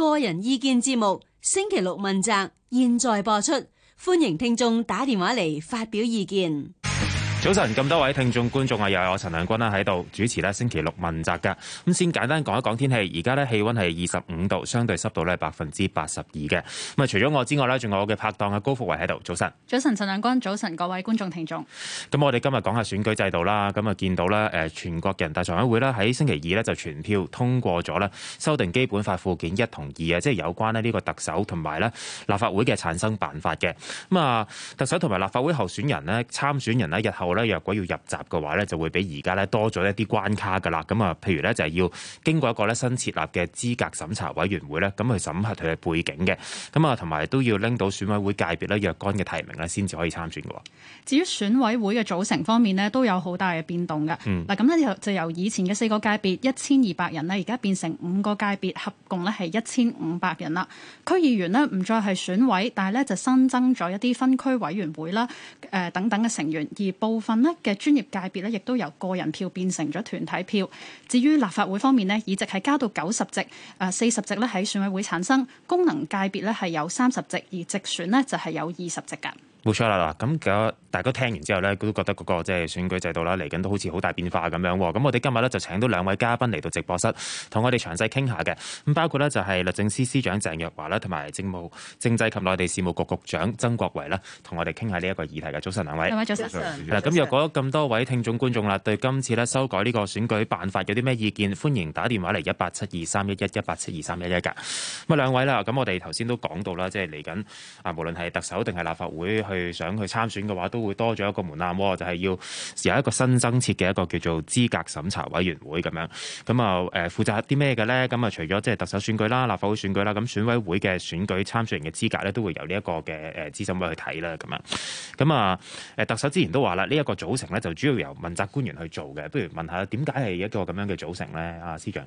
個人意見節目，星期六問責，現在播出，歡迎聽眾打電話嚟發表意見。早晨，咁多位聽眾觀眾啊，又係我陳亮君啦喺度主持咧星期六問責噶，咁先簡單講一講天氣，而家咧氣溫係二十五度，相對濕度咧百分之八十二嘅。咁啊，除咗我之外咧，仲有我嘅拍檔啊高福圍喺度。早晨，早晨陳亮君，早晨各位觀眾聽眾。咁我哋今日講下選舉制度啦。咁啊，見到咧誒，全國人大常委會啦喺星期二咧就全票通過咗咧修訂基本法附件一、同二啊，即係有關咧呢個特首同埋咧立法會嘅產生辦法嘅。咁啊，特首同埋立法會候選人咧參選人咧日後，咧若果要入閘嘅話咧，就會比而家咧多咗一啲關卡噶啦。咁啊，譬如咧就係要經過一個咧新設立嘅資格審查委員會咧，咁去審核佢嘅背景嘅。咁啊，同埋都要拎到選委會界別咧若干嘅提名咧，先至可以參選嘅。至於選委會嘅組成方面呢，都有好大嘅變動嘅。嗱、嗯，咁呢就由以前嘅四個界別一千二百人呢，而家變成五個界別合共咧係一千五百人啦。區議員呢，唔再係選委，但係咧就新增咗一啲分區委員會啦，誒等等嘅成員而報。部分嘅專業界別咧，亦都由個人票變成咗團體票。至於立法會方面呢，議席係加到九十席，誒四十席咧喺選委會產生，功能界別咧係有三十席，而直選呢就係有二十席噶。冇錯啦嗱，咁大家聽完之後呢，都覺得嗰個即係選舉制度啦，嚟緊都好似好大變化咁樣喎。咁我哋今日呢，就請到兩位嘉賓嚟到直播室，同我哋詳細傾下嘅。咁包括呢就係律政司司長鄭若華啦，同埋政務政制及內地事務局局，局長曾國維啦，同我哋傾下呢一個議題嘅。早晨兩位，早晨。嗱，咁若果咁多位聽眾觀眾啦，對今次咧修改呢個選舉辦法有啲咩意見？歡迎打電話嚟一八七二三一一一八七二三一一㗎。咁啊兩位啦，咁我哋頭先都講到啦，即係嚟緊啊，無論係特首定係立法會。去想去參選嘅話，都會多咗一個門檻喎，就係要有一個新增設嘅一個叫做資格審查委員會咁樣。咁啊誒負責啲咩嘅咧？咁啊除咗即係特首選舉啦、立法會選舉啦，咁選委會嘅選舉參選人嘅資格咧，都會由呢一個嘅誒資審委去睇啦。咁樣。咁啊咁啊誒特首之前都話啦，呢一個組成咧就主要由問責官員去做嘅。不如問下點解係一個咁樣嘅組成咧？啊司長。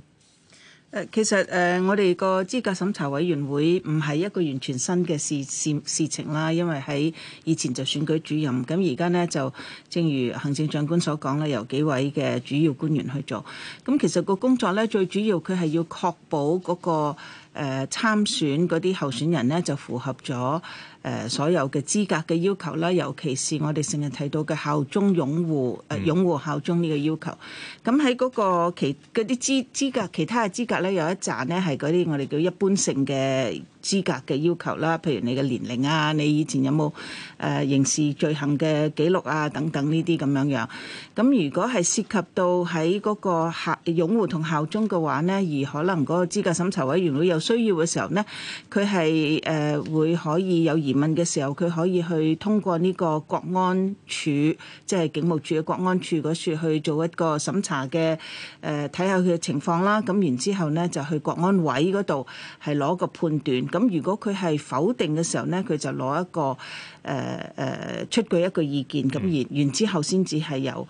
誒，其實誒，uh, 我哋個資格審查委員會唔係一個完全新嘅事事事情啦，因為喺以前就選舉主任，咁而家咧就正如行政長官所講咧，由幾位嘅主要官員去做。咁其實個工作咧，最主要佢係要確保嗰、嗰個誒、呃、參選嗰啲候選人咧，就符合咗，誒，所有嘅資格嘅要求啦，尤其是我哋成日提到嘅效忠擁護誒擁護效忠呢個要求。咁喺嗰個其嗰啲資資格，其他嘅資格咧有一紮咧係嗰啲我哋叫一般性嘅資格嘅要求啦，譬如你嘅年齡啊，你以前有冇誒、呃、刑事罪行嘅記錄啊等等呢啲咁樣樣，咁如果係涉及到喺嗰個效擁護同效忠嘅話咧，而可能嗰個資格審查委員會有需要嘅時候咧，佢係誒會可以有問嘅時候，佢可以去通過呢個國安處，即係警務處嘅國安處嗰處去做一個審查嘅誒，睇下佢嘅情況啦。咁、啊、然之後咧，就去國安委嗰度係攞個判斷。咁、啊、如果佢係否定嘅時候咧，佢就攞一個誒誒、呃、出具一個意見。咁而然之後先至係由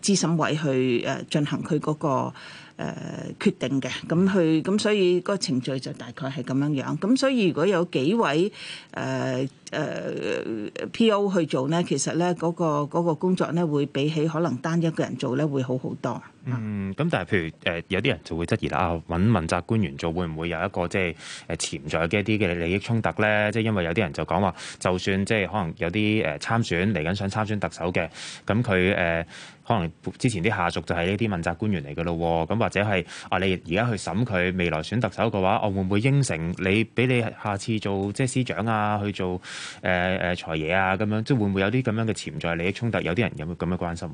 誒資審委去誒進行佢嗰、那個。誒、呃、決定嘅，咁去，咁所以個程序就大概係咁樣樣，咁所以如果有幾位誒。呃誒、呃、P.O. 去做呢，其實呢、那、嗰、個那個工作呢會比起可能單一個人做呢會好好多。嗯，咁、嗯、但係譬如誒、呃，有啲人就會質疑啦。啊，「搵問責官員做會唔會有一個即係誒、呃、潛在嘅一啲嘅利益衝突呢？」即係因為有啲人就講話，就算即係可能有啲誒參選嚟緊想參選特首嘅，咁佢誒可能之前啲下屬就係呢啲問責官員嚟㗎咯。咁、啊、或者係啊，你而家去審佢，未來選特首嘅話，我會唔會應承你俾你下次做即係司長啊去做？誒誒、呃呃、財爺啊，咁樣即係會唔會有啲咁樣嘅潛在利益衝突？有啲人有冇咁樣關心？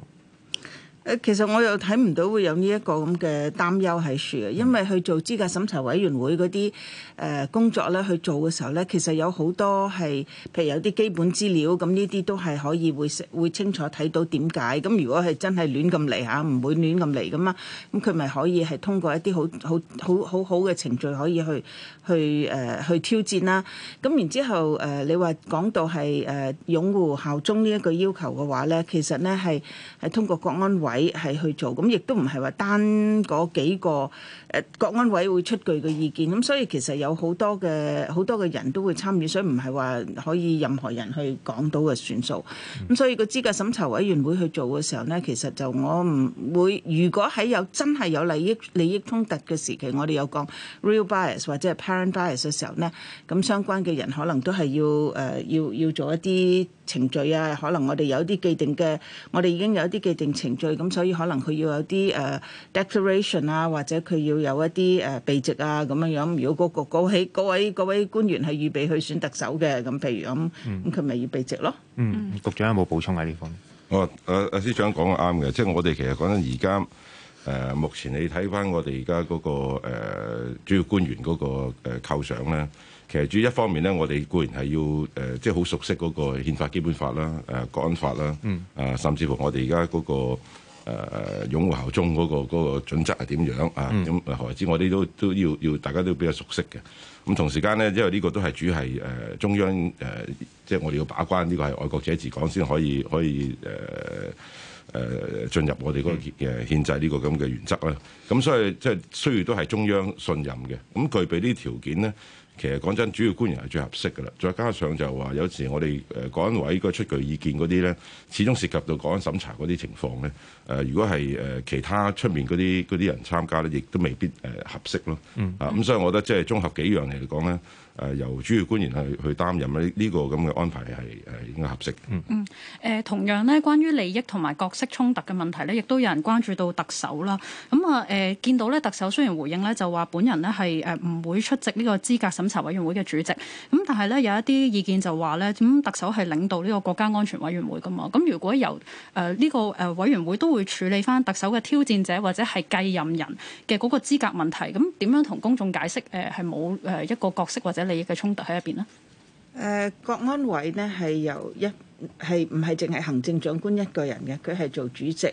誒其實我又睇唔到會有呢一個咁嘅擔憂喺處，因為去做資格審查委員會嗰啲誒工作咧，去做嘅時候咧，其實有好多係譬如有啲基本資料，咁呢啲都係可以會會清楚睇到點解。咁如果係真係亂咁嚟嚇，唔會亂咁嚟噶嘛。咁佢咪可以係通過一啲好好好好好嘅程序，可以去去誒、呃、去挑戰啦。咁然之後誒，你話講到係誒擁護效忠呢一句要求嘅話咧，其實咧係係通過國安委。委係去做，咁亦都唔係話單嗰幾個誒、呃、國安委會出具嘅意見，咁所以其實有好多嘅好多嘅人都會參與，所以唔係話可以任何人去講到嘅算數。咁所以個資格審查委員會去做嘅時候呢，其實就我唔會，如果喺有真係有利益利益衝突嘅時期，我哋有講 real bias 或者係 parent bias 嘅時候呢，咁相關嘅人可能都係要誒、呃、要要做一啲。程序啊，可能我哋有啲既定嘅，我哋已經有啲既定程序，咁所以可能佢要有啲誒、uh, declaration 啊，或者佢要有一啲誒避席啊咁樣樣。如果、那個局起，各位位官員係預備去選特首嘅，咁譬如咁，咁佢咪要避席咯？嗯，嗯 局長有冇補充喺呢方面？我阿阿司長講得啱嘅，即係我哋其實講緊而家誒，目前你睇翻我哋而家嗰個、呃、主要官員嗰、嗰個構想咧。呃呃呃其實，主要一方面咧，我哋固然係要誒、呃，即係好熟悉嗰個憲法基本法啦，誒、呃，國安法啦，嗯、啊，甚至乎我哋而家嗰個誒誒、呃、擁護效忠嗰、那個嗰、那個準則係點樣、嗯、啊？咁何止我哋都都要要，大家都比較熟悉嘅。咁、嗯、同時間咧，因為呢個都係主要係中央誒，即係我哋要把關呢個係愛國者治港先可以可以誒誒、呃、進入我哋嗰個誒憲制呢個咁嘅原則啦。咁、嗯嗯嗯嗯、所以即係需要都係中央信任嘅。咁具備呢啲條件咧。其實講真，主要官員係最合適嘅啦。再加上就話有時我哋誒國安委個出具意見嗰啲咧，始終涉及到國安審查嗰啲情況咧。誒、呃，如果係誒其他出面嗰啲啲人參加咧，亦都未必誒、呃、合適咯。嗯。啊，咁所以我覺得即係綜合幾樣嚟講咧。誒由主要官員去去擔任咧，呢、這個咁嘅安排係係應該合適。嗯嗯誒、呃，同樣呢，關於利益同埋角色衝突嘅問題呢，亦都有人關注到特首啦。咁啊誒，見到呢，特首雖然回應呢就話本人呢係誒唔會出席呢個資格審查委員會嘅主席。咁但係呢，有一啲意見就話呢，咁、嗯、特首係領導呢個國家安全委員會㗎嘛。咁如果由誒呢、呃這個誒委員會都會處理返特首嘅挑戰者或者係繼任人嘅嗰個資格問題，咁點樣同公眾解釋誒係冇誒一個角色或者？有利益嘅衝突喺入邊咧？誒，國安委呢係由一係唔係淨係行政長官一個人嘅，佢係做主席。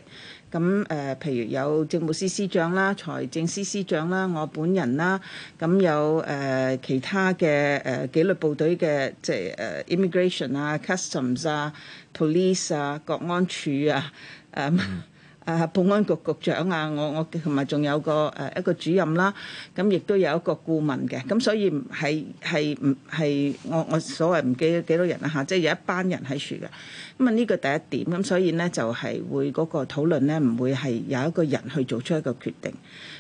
咁誒、呃，譬如有政務司司長啦、財政司司長啦、我本人啦，咁有誒、呃、其他嘅誒、呃、紀律部隊嘅，即係誒 immigration 啊、customs 啊、police 啊、國安處啊。嗯誒、啊，保安局局長啊，我我同埋仲有個誒、啊、一個主任啦、啊，咁亦都有一個顧問嘅，咁所以係係唔係我我所謂唔記得幾多人啦、啊、嚇、啊，即係有一班人喺處嘅。咁啊，呢個第一點咁，所以咧就係、是、會嗰個討論咧唔會係有一個人去做出一個決定。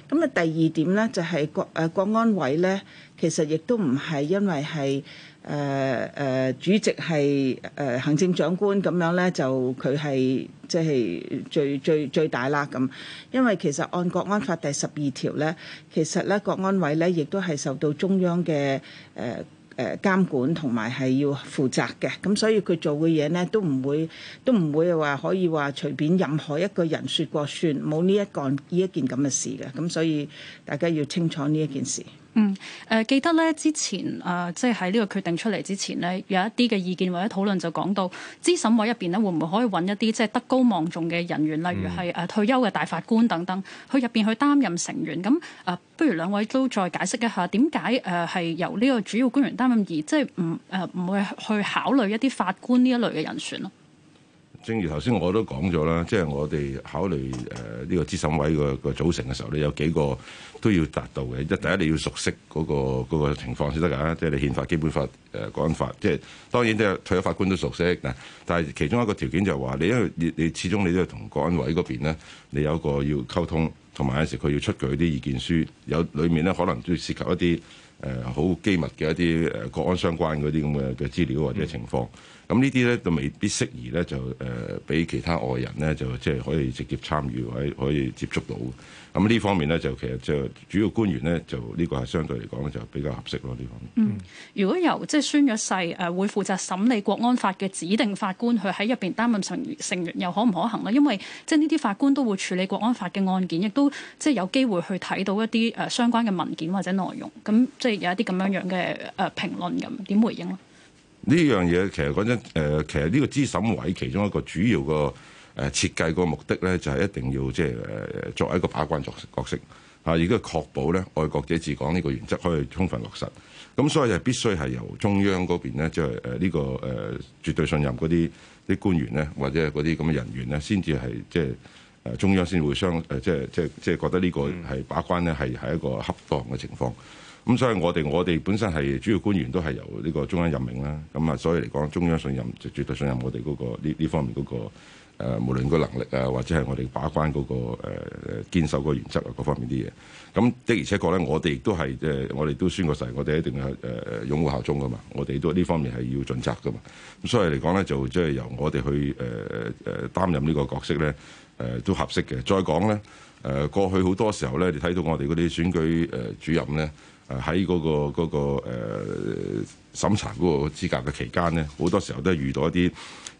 咁啊，第二點咧就係、是、國誒、啊、國安委咧，其實亦都唔係因為係。誒誒、呃呃，主席係誒、呃、行政長官咁樣咧，就佢係即係最最最大啦咁。因為其實按國安法第十二條咧，其實咧國安委咧亦都係受到中央嘅誒誒監管同埋係要負責嘅。咁所以佢做嘅嘢咧都唔會都唔會話可以話隨便任何一個人説過算，冇呢一個呢一件咁嘅事嘅。咁所以大家要清楚呢一件事。嗯，誒、呃、記得咧之前誒、呃、即係喺呢個決定出嚟之前咧、呃，有一啲嘅意見或者討論就講到，資審委入邊咧會唔會可以揾一啲即係德高望重嘅人員，例如係誒、呃、退休嘅大法官等等，去入邊去擔任成員。咁誒、呃，不如兩位都再解釋一下點解誒係由呢個主要官員擔任而，而即係唔誒唔會去考慮一啲法官呢一類嘅人選咯？正如頭先我都講咗啦，即係我哋考慮誒呢個資審委個個組成嘅時候咧，你有幾個都要達到嘅。即第一，你要熟悉嗰個嗰個情況先得㗎。即係你憲法、基本法、誒《國安法》，即係當然即係退咗法官都熟悉，但係其中一個條件就係話，你因為你你始終你都要同國安委嗰邊咧，你有一個要溝通，同埋有時佢要出具啲意見書，有裡面咧可能都要涉及一啲誒好機密嘅一啲誒國安相關嗰啲咁嘅嘅資料或者情況。嗯。咁呢啲咧就未必適宜咧，就誒俾其他外人咧就即係可以直接參與或者可以接觸到。咁呢方面咧就其實即係主要官員咧就呢個係相對嚟講就比較合適咯。呢方面嗯，如果由即係、就是、宣咗誓誒會負責審理國安法嘅指定法官，佢喺入邊擔任成成員又可唔可行咧？因為即係呢啲法官都會處理國安法嘅案件，亦都即係、就是、有機會去睇到一啲誒、呃、相關嘅文件或者內容。咁即係有一啲咁樣樣嘅誒評論咁，點回應咧？呢樣嘢其實講真，誒其實呢個資審委其中一個主要個誒設計個目的咧，就係一定要即係誒作為一個把關作角色，亦都確保咧愛國者治港呢個原則可以充分落實。咁所以就必須係由中央嗰邊咧，即係誒呢個誒絕對信任嗰啲啲官員咧，或者嗰啲咁嘅人員咧，先至係即係誒中央先會相誒即係即係即係覺得呢個係把關咧係係一個恰當嘅情況。咁所以，我哋我哋本身係主要官員都係由呢個中央任命啦。咁啊，所以嚟講，中央信任就絕對信任我哋嗰、嗰個呢呢方面嗰、嗰個誒、呃，無論個能力啊，或者係我哋把關嗰、嗰個誒堅守個原則啊，各方面啲嘢。咁的而且確咧，我哋亦都係誒，我哋都宣過誓，我哋一定係誒誒擁護效忠噶嘛。我哋都呢方面係要盡責噶嘛。咁所以嚟講咧，就即係由我哋去誒誒、呃呃、擔任呢個角色咧，誒、呃、都合適嘅。再講咧，誒、呃、過去好多時候咧，你睇到我哋嗰啲選舉誒、呃、主任咧。誒喺嗰個嗰、嗰個、誒、審查嗰個資格嘅期間咧，好多時候都係遇到一啲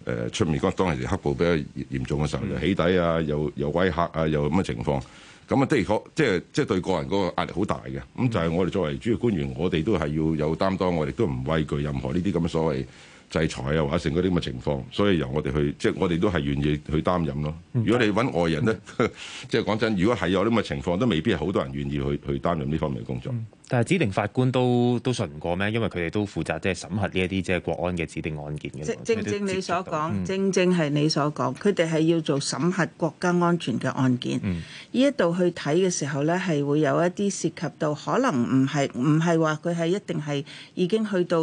誒出面當其時黑暴比較嚴重嘅時候，又起底啊，又又威嚇啊，又咁嘅情況，咁啊的確即係即係對個人嗰個壓力好大嘅。咁、嗯、就係我哋作為主要官員，我哋都係要有擔當，我哋都唔畏懼任何呢啲咁嘅所謂制裁啊，或者成嗰啲咁嘅情況，所以由我哋去，即係我哋都係願意去擔任咯。如果你搵外人咧，即係講真，如果係有啲咁嘅情況都未必係好多人願意去去擔任呢方面嘅工作。嗯、但係指定法官都都信唔過咩？因為佢哋都負責即係審核呢一啲即係國安嘅指定案件嘅。正正你所講，嗯、正正係你所講，佢哋係要做審核國家安全嘅案件。呢一度去睇嘅時候咧，係會有一啲涉及到可能唔係唔係話佢係一定係已經去到。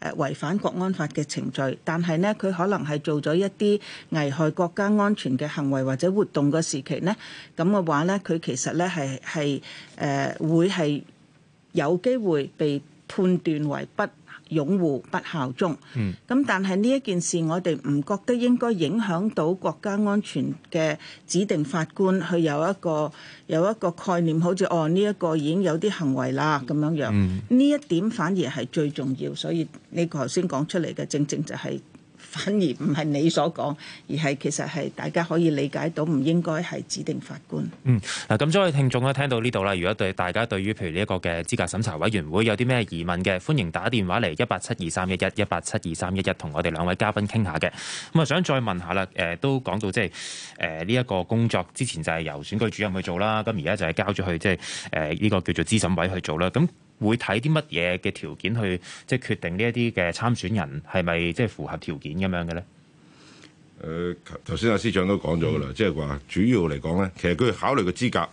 誒違反國安法嘅程序，但係呢，佢可能係做咗一啲危害國家安全嘅行為或者活動嘅時期呢，咁嘅話呢，佢其實呢係係誒會係有機會被判斷為不擁護不效忠，咁、嗯、但係呢一件事，我哋唔覺得應該影響到國家安全嘅指定法官去有一個有一個概念，好似哦呢一、這個已經有啲行為啦咁樣樣，呢、嗯、一點反而係最重要，所以你個頭先講出嚟嘅，正正就係、是。反而唔係你所講，而係其實係大家可以理解到，唔應該係指定法官。嗯，嗱咁，各位聽眾咧聽到呢度啦。如果對大家對於譬如呢一個嘅資格審查委員會有啲咩疑問嘅，歡迎打電話嚟一八七二三一一一八七二三一一，同我哋兩位嘉賓傾下嘅。咁、嗯、啊，想再問下啦，誒、呃、都講到即係誒呢一個工作之前就係由選舉主任去做啦，咁而家就係交咗去即係誒呢個叫做資審委去做啦，咁、嗯。會睇啲乜嘢嘅條件去即係決定呢一啲嘅參選人係咪即係符合條件咁樣嘅咧？誒、呃，頭先阿司長都講咗啦，即係話主要嚟講咧，其實佢考慮嘅資格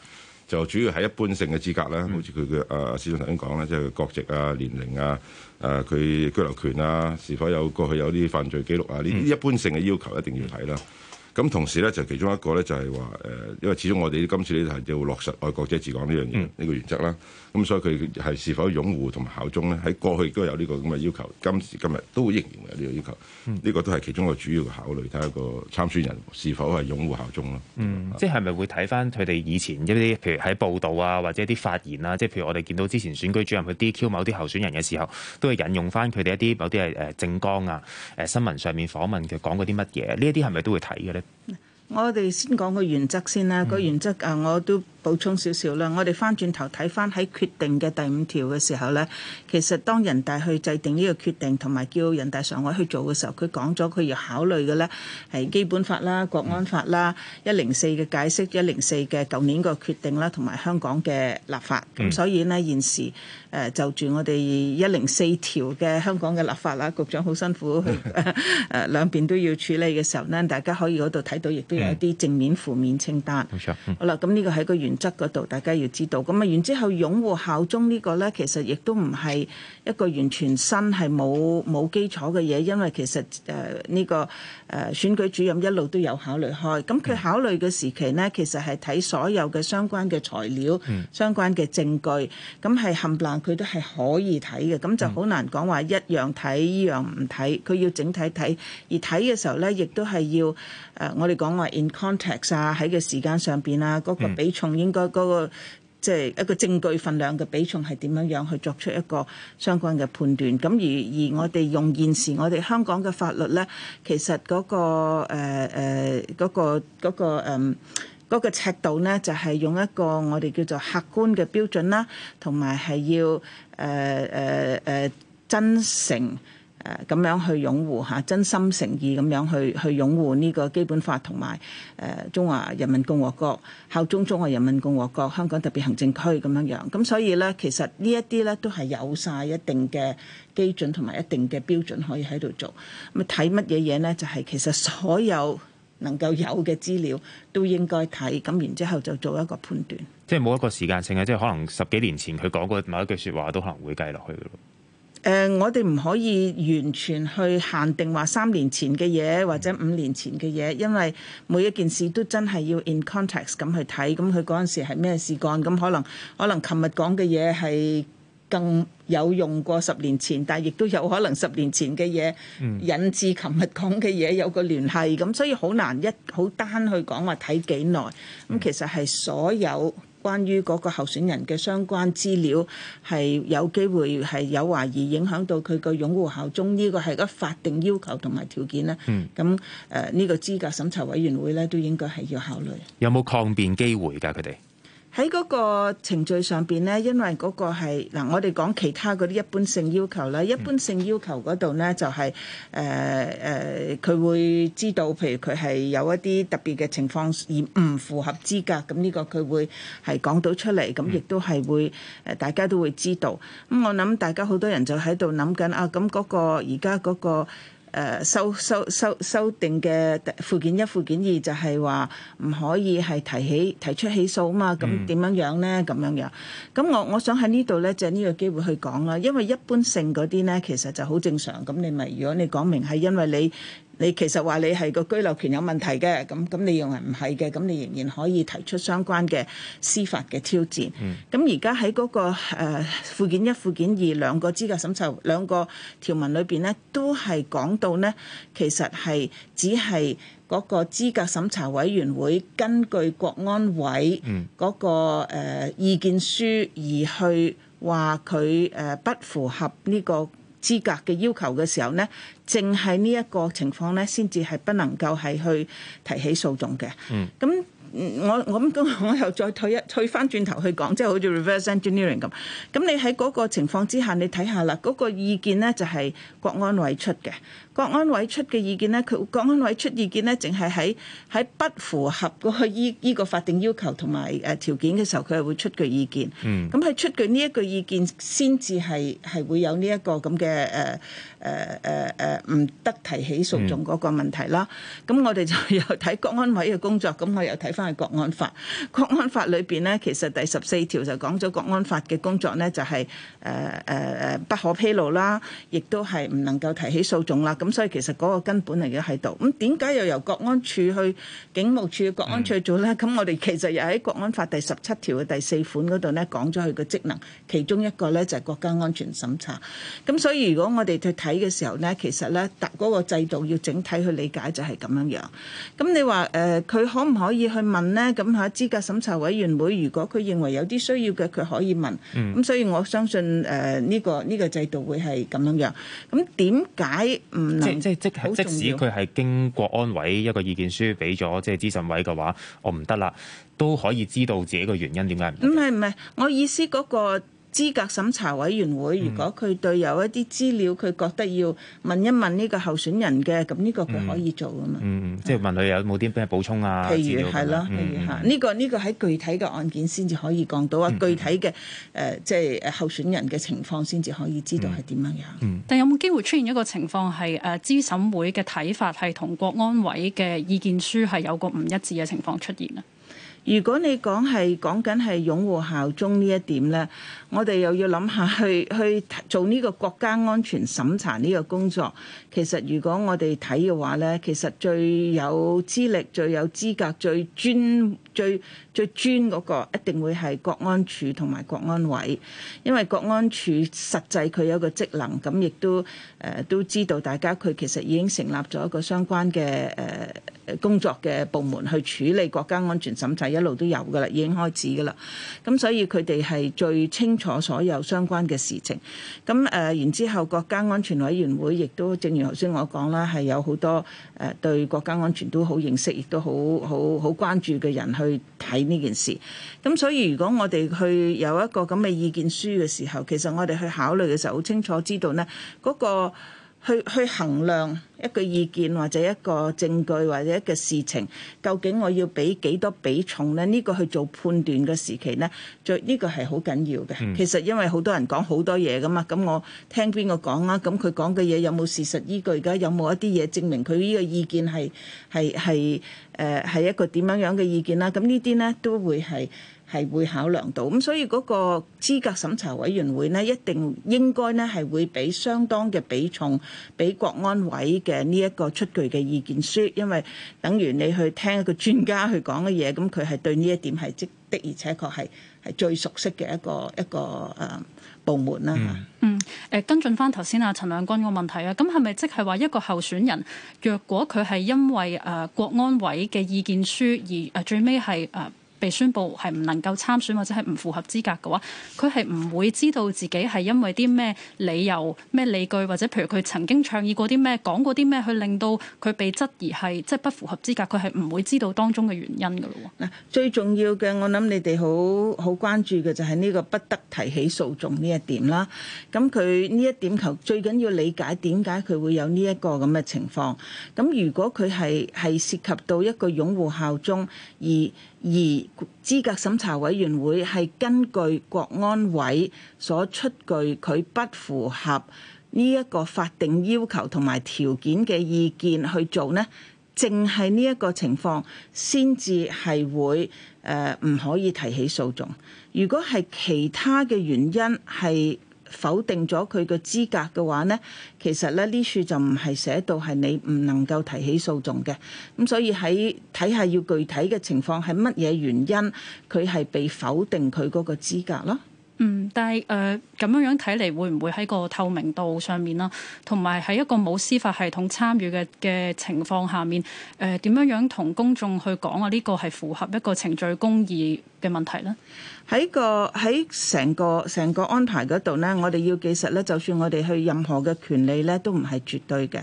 就主要係一般性嘅資格啦，好似佢嘅阿司長頭先講啦，即係國籍啊、年齡啊、誒佢居留權啊、是否有過去有啲犯罪記錄啊呢啲一般性嘅要求一定要睇啦。咁同時咧，就其中一個咧，就係話誒，因為始終我哋今次咧係要落實愛國者治港呢樣嘢呢個原則啦。咁、嗯啊、所以佢係是否擁護同埋效忠咧？喺過去都有呢個咁嘅要求，今時今日都會仍然有呢個要求。呢個都係其中一個主要嘅考慮，睇下個參選人是否係擁護效忠囉。嗯，即係咪會睇翻佢哋以前一啲，譬如喺報道啊，或者一啲發言啊，即係譬如我哋見到之前選舉主任去 DQ 某啲候選人嘅時候，都係引用翻佢哋一啲某啲係誒政綱啊、誒、啊、新聞上面訪問佢講過啲乜嘢？呢一啲係咪都會睇嘅咧？我哋先講個原則先啦，嗯、個原則啊，我都。補充少少啦，我哋翻轉頭睇翻喺決定嘅第五條嘅時候呢，其實當人大去制定呢個決定同埋叫人大常委去做嘅時候，佢講咗佢要考慮嘅呢係基本法啦、國安法啦、一零四嘅解釋、一零四嘅舊年個決定啦，同埋香港嘅立法。咁、嗯、所以呢，現時誒、呃、就住我哋一零四條嘅香港嘅立法啦，局長好辛苦誒兩邊都要處理嘅時候呢，大家可以嗰度睇到亦都有一啲正面負面清單。嗯、好啦，咁呢個係個原。像質度，大家要知道咁啊。然之後，擁護效忠呢、這個呢，其實亦都唔係一個完全新、係冇冇基礎嘅嘢，因為其實誒呢、呃這個誒、呃、選舉主任一路都有考慮開。咁佢考慮嘅時期呢，其實係睇所有嘅相關嘅材料、mm. 相關嘅證據，咁係冚唪唥佢都係可以睇嘅。咁就好難講話一樣睇，一樣唔睇。佢要整體睇，而睇嘅時候呢，亦都係要。誒，uh, 我哋講話 in context 啊，喺個時間上邊啊，嗰個比重應該嗰個即係一個證據分量嘅比重係點樣樣去作出一個相關嘅判斷。咁而而我哋用現時我哋香港嘅法律咧，其實嗰、嗰個誒誒嗰個嗰、呃嗰個呃嗰個、尺度咧，就係、是、用一個我哋叫做客觀嘅標準啦，同埋係要誒誒誒真誠。誒咁樣去擁護嚇，真心誠意咁樣去去擁護呢個基本法同埋誒中華人民共和國，效忠中華人民共和國，香港特別行政區咁樣樣。咁所以咧，其實呢一啲咧都係有晒一定嘅基準同埋一定嘅標準可以喺度做。咁睇乜嘢嘢咧，就係、是、其實所有能夠有嘅資料都應該睇。咁然之後就做一個判斷。即係冇一個時間性啊！即係可能十幾年前佢講過某一句說話，都可能會計落去嘅咯。誒，uh, 我哋唔可以完全去限定話三年前嘅嘢或者五年前嘅嘢，因為每一件事都真係要 in context 咁去睇，咁佢嗰陣時係咩事幹，咁可能可能琴日講嘅嘢係更有用過十年前，但係亦都有可能十年前嘅嘢引致琴日講嘅嘢有個聯繫，咁所以好難一好單去講話睇幾耐，咁其實係所有。關於嗰個候選人嘅相關資料係有機會係有懷疑影響到佢個擁護效忠，呢個係個法定要求同埋條件咧。嗯，咁誒呢個資格審查委員會咧都應該係要考慮。有冇抗辯機會㗎，佢哋？喺嗰個程序上邊咧，因為嗰個係嗱，我哋講其他嗰啲一般性要求咧，一般性要求嗰度咧就係誒誒，佢、呃呃、會知道，譬如佢係有一啲特別嘅情況而唔符合資格，咁呢個佢會係講到出嚟，咁亦都係會誒，大家都會知道。咁我諗大家好多人就喺度諗緊啊，咁嗰個而家嗰個。誒修修修修訂嘅附件一、附件二就係話唔可以係提起提出起訴啊嘛，咁點樣樣咧？咁樣、嗯、樣，咁我我想喺呢度咧，借呢個機會去講啦，因為一般性嗰啲咧，其實就好正常，咁你咪如果你講明係因為你。你其實話你係個居留權有問題嘅，咁咁你認為唔係嘅？咁你仍然可以提出相關嘅司法嘅挑戰。咁而家喺嗰個、呃、附件一、附件二兩個資格審查兩個條文裏邊咧，都係講到咧，其實係只係嗰個資格審查委員會根據國安委嗰、嗰個、mm. 呃、意見書而去話佢誒不符合呢、呢個。資格嘅要求嘅時候咧，淨係呢一個情況咧，先至係不能夠係去提起訴訟嘅。嗯、mm.，咁我我咁我又再退一退翻轉頭去講，即係好似 reverse engineering 咁。咁你喺嗰個情況之下，你睇下啦，嗰、那個意見咧就係、是、國安委出嘅。國安委出嘅意見咧，佢國安委出意見咧，淨係喺喺不符合嗰個依依個法定要求同埋誒條件嘅時候，佢係會出具意見。咁喺、嗯、出具呢一句意見，先至係係會有呢一個咁嘅誒誒誒誒唔得提起訴訟嗰個問題啦。咁、嗯、我哋就又睇國安委嘅工作，咁我又睇翻去國安法。國安法裏邊咧，其實第十四條就講咗國安法嘅工作咧，就係誒誒誒不可披露啦，亦都係唔能夠提起訴訟啦。咁、嗯、所以其實嗰個根本嚟嘅喺度，咁點解又由國安處去警務處嘅國安處做咧？咁我哋其實又喺《國安法》第十七條嘅第四款嗰度咧講咗佢嘅職能，其中一個咧就係國家安全審查。咁所以如果我哋去睇嘅時候咧，其實咧搭嗰個制度要整體去理解就係咁樣樣，咁你話誒佢可唔可以去問咧？咁吓資格審查委員會如果佢認為有啲需要嘅，佢可以問，咁、嗯、所以我相信誒呢、呃呢個呢、呢個制度會係咁樣樣，咁點解唔？即即即係，即使佢係經國安委一個意見書俾咗，即係諮詢委嘅話，我唔得啦，都可以知道自己個原因點解唔得。唔係，唔係，我意思嗰個。資格審查委員會，如果佢對有一啲資料，佢覺得要問一問呢個候選人嘅，咁呢個佢可以做噶嘛，嗯？嗯，即係問佢有冇啲咩補充啊？譬如係咯，譬如嚇，呢個呢、呢個喺具體嘅案件先至可以講到啊，嗯、具體嘅誒，即、呃、係、即係、候選人嘅情況先至可以知道係點樣樣。嗯嗯、但有冇機會出現一個情況係誒資審會嘅睇法係同國安委嘅意見書係有個唔一致嘅情況出現啊？如果你講係講緊係擁護效忠呢一點咧，我哋又要諗下去去做呢個國家安全審查呢個工作。其實如果我哋睇嘅話咧，其實最有資歷、最有資格、最專、最……最專嗰個一定會係國安處同埋國安委，因為國安處實際佢有一個職能，咁亦都誒、呃、都知道大家佢其實已經成立咗一個相關嘅誒、呃、工作嘅部門去處理國家安全審查，一路都有㗎啦，已經開始㗎啦。咁所以佢哋係最清楚所有相關嘅事情。咁誒、呃、然之後，國家安全委員會亦都正如頭先我講啦，係有好多誒、呃、對國家安全都好認識，亦都好好好關注嘅人去睇。呢件事，咁所以如果我哋去有一個咁嘅意見書嘅時候，其實我哋去考慮嘅時候，好清楚知道咧嗰個。去去衡量一個意見或者一個證據或者一個事情，究竟我要俾幾多比重咧？呢、呢個去做判斷嘅時期咧，最、呢、呢個係好緊要嘅。嗯、其實因為好多人講好多嘢噶嘛，咁我聽邊個講啦？咁佢講嘅嘢有冇事實依據，而家有冇一啲嘢證明佢呢個意見係係係誒係一個點樣樣嘅意見啦？咁呢啲咧都會係。係會考量到，咁所以嗰個資格審查委員會呢，一定應該呢係會俾相當嘅比重俾國安委嘅呢一個出具嘅意見書，因為等於你去聽一個專家去講嘅嘢，咁佢係對呢一點係即的而且確係係最熟悉嘅一個一個誒部門啦。嗯，誒、嗯、跟進翻頭先阿陳亮君個問題啊，咁係咪即係話一個候選人若果佢係因為誒國安委嘅意見書而誒最尾係誒？被宣布係唔能夠參選或者係唔符合資格嘅話，佢係唔會知道自己係因為啲咩理由、咩理據，或者譬如佢曾經倡議過啲咩、講過啲咩，去令到佢被質疑係即係不符合資格，佢係唔會知道當中嘅原因嘅咯。嗱，最重要嘅，我諗你哋好好關注嘅就係呢個不得提起訴訟呢一點啦。咁佢呢一點求最緊要理解點解佢會有呢一個咁嘅情況。咁如果佢係係涉及到一個擁護效忠而而資格審查委員會係根據國安委所出具佢不符合呢一個法定要求同埋條件嘅意見去做，呢，淨係呢一個情況先至係會誒、呃、唔可以提起訴訟。如果係其他嘅原因係。否定咗佢嘅資格嘅話，呢其實咧呢處就唔係寫到係你唔能夠提起訴訟嘅，咁所以喺睇下要具體嘅情況，係乜嘢原因，佢係被否定佢嗰個資格咯。嗯，但係誒咁樣樣睇嚟，會唔會喺個透明度上面啦，同埋喺一個冇司法系統參與嘅嘅情況下面，誒、呃、點樣樣同公眾去講啊？呢、這個係符合一個程序公義嘅問題咧？喺個喺成個成個安排嗰度咧，我哋要記實咧，就算我哋去任何嘅權利咧，都唔係絕對嘅。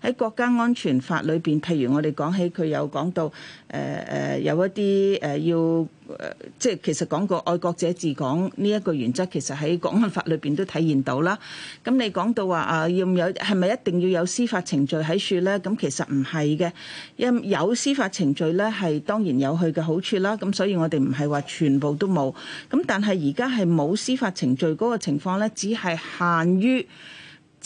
喺國家安全法裏邊，譬如我哋講起佢有講到，誒、呃、誒有一啲誒要，即係其實講過愛國者治港呢一個原則，其實喺國安法裏邊都體現到啦。咁你講到話啊，要唔有係咪一定要有司法程序喺處呢？咁其實唔係嘅，因有司法程序咧，係當然有佢嘅好處啦。咁所以我哋唔係話全部都冇，咁但係而家係冇司法程序嗰、那個情況咧，只係限於，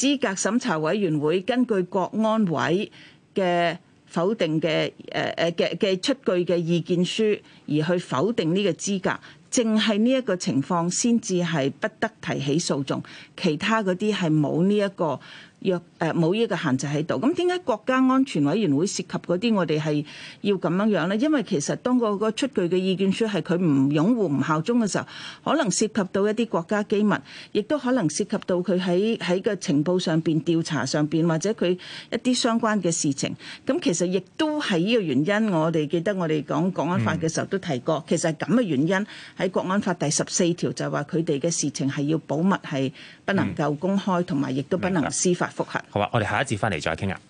資格審查委員會根據國安委嘅否定嘅誒誒嘅嘅出具嘅意見書而去否定呢個資格，正係呢一個情況先至係不得提起訴訟，其他嗰啲係冇呢一個約。誒冇呢個限制喺度，咁點解國家安全委員會涉及嗰啲我哋係要咁樣樣呢？因為其實當嗰個出具嘅意見書係佢唔擁護、唔效忠嘅時候，可能涉及到一啲國家機密，亦都可能涉及到佢喺喺個情報上邊調查上邊，或者佢一啲相關嘅事情。咁其實亦都係呢個原因，我哋記得我哋講國安法嘅時候都提過，嗯、其實係咁嘅原因喺國安法第十四條就話佢哋嘅事情係要保密，係不能夠公開，同埋亦都不能司法覆核。好啊！我哋下一節翻嚟再傾啊！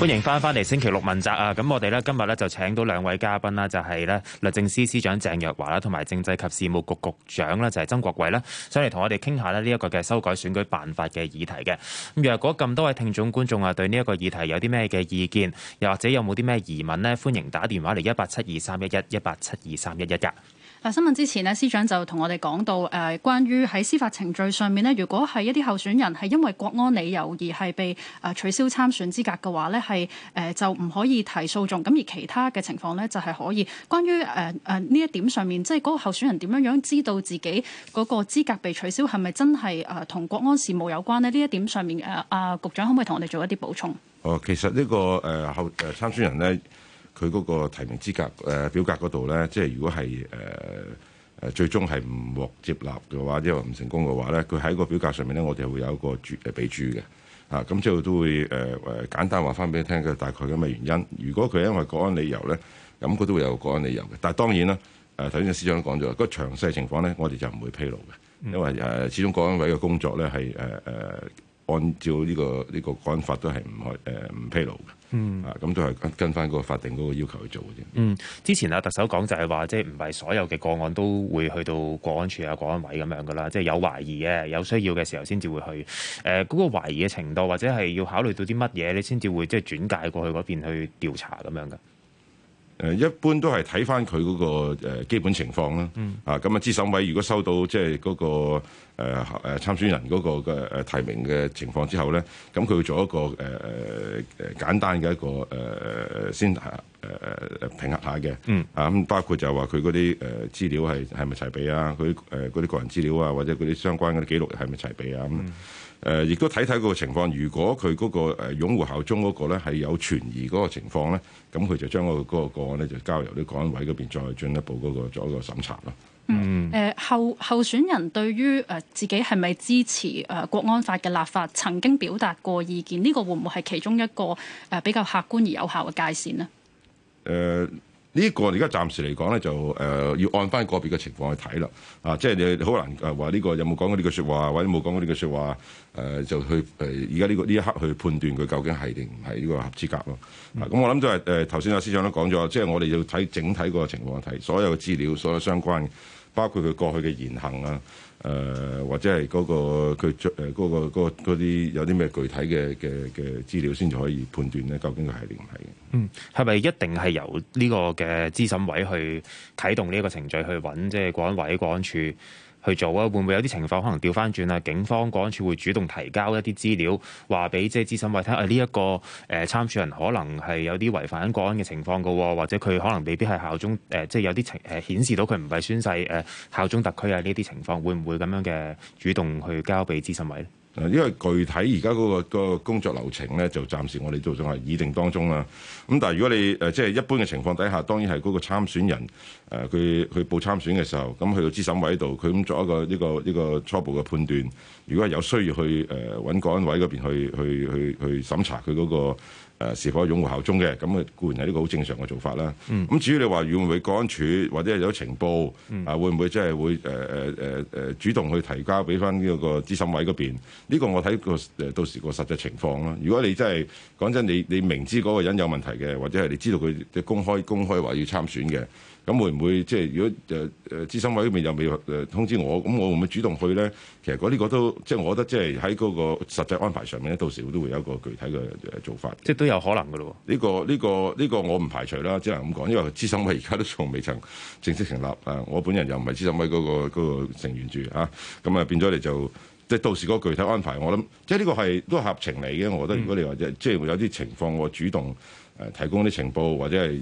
歡迎翻翻嚟星期六問責啊！咁我哋咧今日咧就請到兩位嘉賓啦，就係咧律政司司長鄭若驊啦，同埋政制及事務局局、局長啦，就係曾國衞啦，上嚟同我哋傾下咧呢一個嘅修改選舉辦法嘅議題嘅。咁若果咁多位聽眾觀眾啊，對呢一個議題有啲咩嘅意見，又或者有冇啲咩疑問呢？歡迎打電話嚟一八七二三一一一八七二三一一啊！新聞之前咧，司長就同我哋講到誒、呃，關於喺司法程序上面咧，如果係一啲候選人係因為國安理由而係被誒、呃、取消參選資格嘅話呢係誒就唔可以提訴訟，咁而其他嘅情況呢，就係、係、可以。關於誒誒呢一點上面，即係嗰個候選人點樣樣知道自己嗰個資格被取消係咪真係誒同國安事務有關呢？呢一點上面誒，阿、呃啊、局長可唔可以同我哋做一啲補充？哦，其實呢、呢個誒候誒參選人呢。佢嗰個提名資格誒、呃、表格嗰度咧，即係如果係誒誒最終係唔獲接納嘅話，因為唔成功嘅話咧，佢喺個表格上面咧，我哋會有一個註誒備註嘅，啊咁之後都會誒誒、呃、簡單話翻俾你聽佢大概咁嘅原因。如果佢因為國安理由咧，咁佢都會有國安理由嘅。但係當然啦，誒頭先司長都講咗，嗰、那個、詳細情況咧，我哋就唔會披露嘅，因為誒、呃、始終國安委嘅工作咧係誒誒。按照呢、這個呢、這個講法都係唔可誒唔披露嘅，嗯啊，咁都係跟跟翻嗰個法定嗰個要求去做嘅啫。嗯，之前阿特首講就係話，即係唔係所有嘅個案都會去到國安處啊、國安委咁樣噶啦，即係有懷疑嘅、有需要嘅時候先至會去誒嗰、呃那個懷疑嘅程度，或者係要考慮到啲乜嘢，你先至會即係轉介過去嗰邊去調查咁樣嘅。誒，一般都係睇翻佢嗰個基本情況啦。嗯啊，咁啊，資審委如果收到即係嗰、那個。誒誒、呃、參選人嗰個嘅誒提名嘅情況之後咧，咁佢會做一個誒誒、呃、簡單嘅一個誒誒、呃、先誒誒、呃、評核下嘅，嗯啊咁包括就話佢嗰啲誒資料係係咪齊備啊？佢誒嗰啲個人資料啊，或者嗰啲相關嗰啲記錄係咪齊備啊？咁誒亦都睇睇個情況，如果佢嗰個誒擁護效忠嗰個咧係有存疑嗰個情況咧，咁佢就將嗰個嗰個個案咧就交由啲國安委嗰邊再進一步嗰個做一個審查咯。嗯，誒、呃、候候選人對於誒、呃、自己係咪支持誒、呃、國安法嘅立法，曾經表達過意見，呢、這個會唔會係其中一個誒、呃、比較客觀而有效嘅界線呢？誒、呃。個呢個而家暫時嚟講咧，就誒、呃、要按翻個別嘅情況去睇啦。啊，即係你好難誒話呢個有冇講過呢個説話，或者冇講過呢個説話。誒就去誒而家呢個呢一刻去判斷佢究竟係定唔係呢個合資格咯。咁、嗯啊嗯、我諗都係誒頭先阿司長都講咗，即係我哋要睇整體個情況，睇所有資料，所有相關。包括佢過去嘅言行啊，誒、呃、或者係嗰、那個佢誒嗰個啲、那個那個那個、有啲咩具體嘅嘅嘅資料先至可以判斷咧，究竟佢係定唔係？嗯，係咪一定係由呢個嘅資審委去啟動呢一個程序去揾即係國安委、國安處？去做啊？會唔會有啲情況可能調翻轉啊？警方國安處會主動提交一啲資料，話俾即係資審委聽，係呢一個誒參選人可能係有啲違反國安嘅情況噶，或者佢可能未必係效忠誒、呃，即係有啲情誒顯示到佢唔係宣誓誒、呃、效忠特區啊？呢啲情況會唔會咁樣嘅主動去交俾資審委咧？因為具體而家嗰個工作流程咧，就暫時我哋都仲係議定當中啦。咁但係如果你誒即係一般嘅情況底下，當然係嗰個參選人誒佢去報參選嘅時候，咁去到資審委度，佢咁作一個呢個呢個初步嘅判斷。如果係有需要去誒揾國安委嗰邊去去去去審查佢嗰個。誒是否擁護效忠嘅，咁啊固然係呢個好正常嘅做法啦。咁、嗯、至於你話會唔會國安處或者係有情報，嗯、啊會唔會即係會誒誒誒誒主動去提交俾翻呢個資審委嗰邊？呢、呢個我睇個誒到時個實際情況啦。如果你真係講真，你你明知嗰個人有問題嘅，或者係你知道佢即公開公開話要參選嘅。咁會唔會即係如果誒誒資審委會又未誒通知我，咁我會唔會主動去咧？其實嗰啲個都即係我覺得即係喺嗰個實際安排上面咧，到時都會有一個具體嘅誒做法。即係都有可能嘅咯。呢、呢個呢、呢個呢、呢個我唔排除啦，只能咁講，因為資審委而家都仲未曾正式成立啊。我本人又唔係資審委嗰、嗰個嗰個成員住啊。咁啊變咗你就即係、就係、到時嗰個具體安排，我諗即係呢個係都合情理嘅。我覺得如果你話、嗯、即係即係有啲情況我主動。誒提供啲情報或者係誒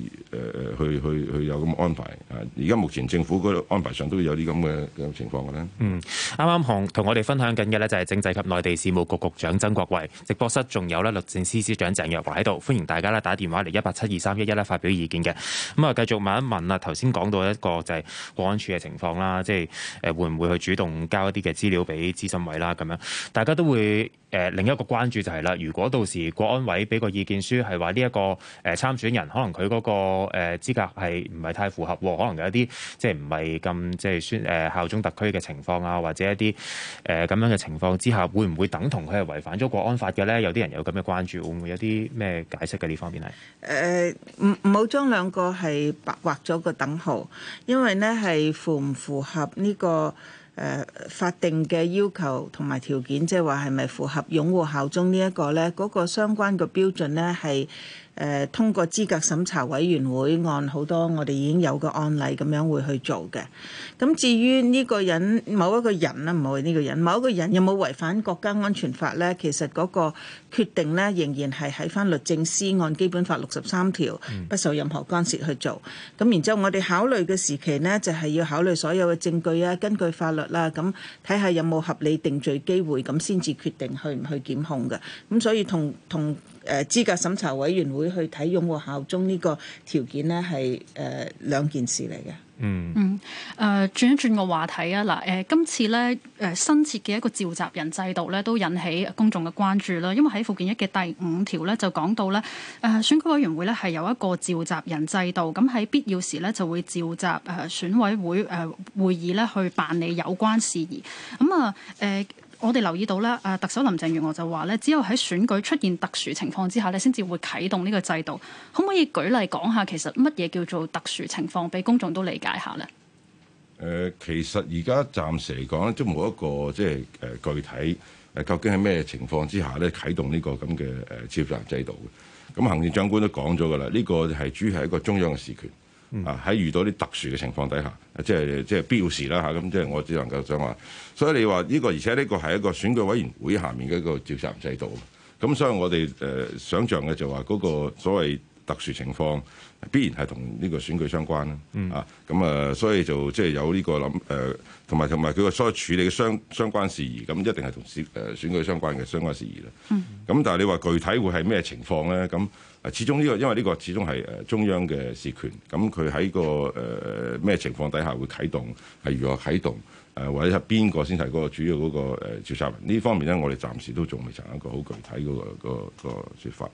去去去有咁安排啊！而家目前政府嗰度安排上都會有啲咁嘅嘅情況嘅咧。嗯，啱啱紅同我哋分享緊嘅咧，就係政制及內地事務局局長曾國衞，直播室仲有咧律政司司長鄭若驊喺度，歡迎大家咧打電話嚟一八七二三一一咧發表意見嘅。咁、嗯、啊，繼續問一問啦，頭先講到一個就係國安處嘅情況啦，即係誒會唔會去主動交一啲嘅資料俾諮詢委啦咁樣，大家都會。誒、呃、另一個關注就係、是、啦，如果到時國安委俾個意見書係話呢一個誒參、呃、選人，可能佢嗰、那個誒、呃、資格係唔係太符合、哦，可能有一啲即係唔係咁即係誒、呃、效忠特區嘅情況啊，或者一啲誒咁樣嘅情況之下，會唔會等同佢係違反咗國安法嘅咧？有啲人有咁嘅關注，會唔會有啲咩解釋嘅呢方面係誒唔唔好將兩個係白劃咗個等號，因為呢係符唔符合呢、這個？誒、呃，法定嘅要求同埋條件，即係話係咪符合擁護效忠呢一個咧？嗰個相關嘅標準咧係。誒，通過資格審查委員會按，好多我哋已經有個案例咁樣會去做嘅。咁至於呢個人某一個人啦，唔係呢個人某一個人有冇違反國家安全法咧？其實嗰個決定咧仍然係喺翻律政司按基本法六十三條，不受任何干涉去做。咁然之後我哋考慮嘅時期咧就係要考慮所有嘅證據啊，根據法律啦，咁睇下有冇合理定罪機會，咁先至決定去唔去檢控嘅。咁所以同同。誒資格審查委員會去睇擁護效忠呢個條件呢係誒兩件事嚟嘅。嗯嗯誒轉一轉個話題啊，嗱誒、呃、今次呢誒、呃、新設嘅一個召集人制度呢，都引起公眾嘅關注啦。因為喺附件一嘅第五條呢，就講到呢誒、呃、選舉委員會呢係有一個召集人制度，咁喺必要時呢，就會召集誒、呃、選委會誒、呃、會議呢去辦理有關事宜。咁啊誒。呃呃我哋留意到咧，啊特首林鄭月娥就話咧，只有喺選舉出現特殊情況之下咧，先至會啟動呢個制度。可唔可以舉例講下，其下、呃，其實乜嘢叫做特殊情況，俾公眾都理解下咧？誒，其實而家暫時嚟講咧，都冇一個即係誒具體誒、呃、究竟喺咩情況之下咧啟動呢、這個咁嘅誒接納制度嘅。咁、呃、行政長官都講咗噶啦，呢、這個係主要係一個中央嘅事權。啊！喺遇到啲特殊嘅情況底下，即係即係必要時啦嚇，咁即係我只能夠想話，所以你話呢個，而且呢個係一個選舉委員會下面嘅一個召集制度，咁所以我哋誒想像嘅就話嗰個所謂。特殊情況必然係同呢個選舉相關啦，啊咁、嗯、啊，所以就即係有呢個諗誒，同埋同埋佢個所有處理嘅相相關事宜，咁一定係同選誒選舉相關嘅相關事宜啦。咁、嗯、但係你話具體會係咩情況咧？咁始終呢、呢個因為呢個始終係中央嘅事權，咁佢喺個誒咩、呃、情況底下會啟動係如何啟動，誒、呃、或者係邊個先係嗰個主要嗰、嗰個誒、呃、調查員？呢方面咧，我哋暫時都仲未曾一個好具體嗰、嗰個、嗰個、嗰個説法